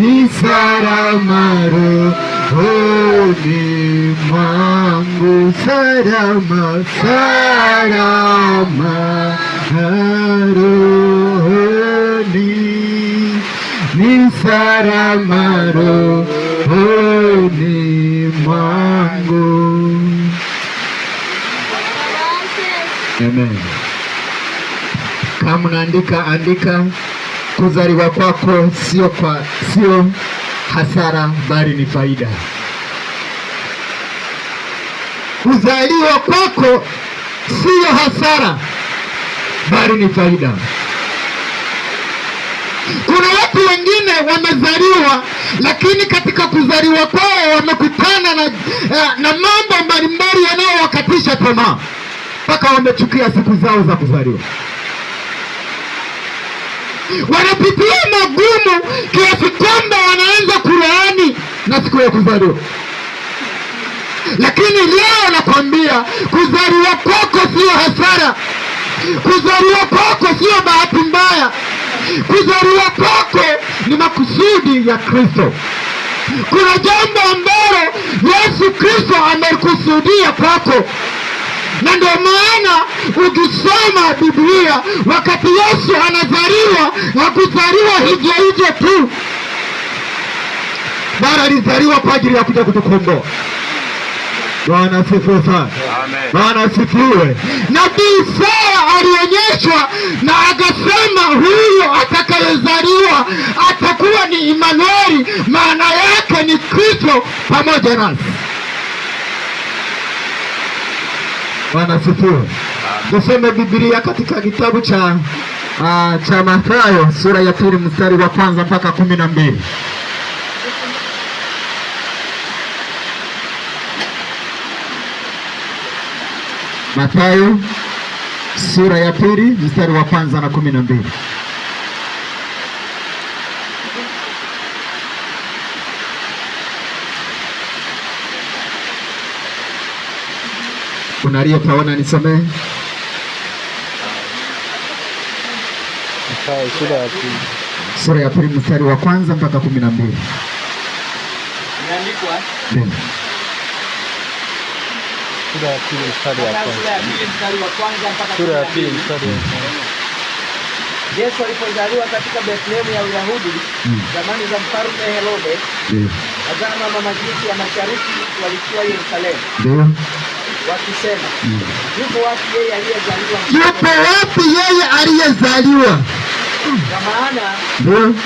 নিসারা মারো ও মাঙ্গু সারা মা সারা মা হারো নিসারা মারো ও মাঙ্গু Amen. Kama unaandika andika, andika. Kuzaliwa kwako sio kwa sio hasara bali ni faida. Kuzaliwa kwako siyo hasara bali ni faida. Kuna watu wengine wamezaliwa, lakini katika kuzaliwa kwao wamekutana na, eh, na mambo mbalimbali yanayowakatisha tamaa mpaka wamechukia siku zao za kuzaliwa wanapitia magumu kiasi kwamba wanaanza kulaani na siku ya kuzaliwa. Lakini leo nakwambia, kuzaliwa kwako sio hasara, kuzaliwa kwako sio bahati mbaya, kuzaliwa kwako ni makusudi ya Kristo. Kuna jambo ambalo Yesu Kristo amekusudia kwako, na ndio maana Ukisoma Biblia wakati Yesu anazaliwa, hakuzaliwa hivyo hivyo tu, bara alizaliwa kwa ajili ya kuja kutukomboa. Bwana asifiwe sana. Bwana asifiwe. Nabii Isaya alionyeshwa na akasema, huyo atakayezaliwa atakuwa ni Imanueli, maana yake ni Kristo pamoja nasi. Bwana asifiwe tuseme Biblia katika kitabu cha uh, cha Mathayo sura ya pili mstari wa kwanza mpaka kumi na mbili. Mathayo sura ya pili mstari wa kwanza na kumi na mbili. Unaliyopaona nisomee. sura ya pili mstari wa kwanza mpaka kumi na mbili. Yesu alipozaliwa katika Bethlehemu ya Uyahudi mm. zamani za mfalme Herode, wazama mamajusi ya mashariki walikuwa Yerusalemu wakisema, mm. yupo wapi yeye aliyezaliwa kwa maana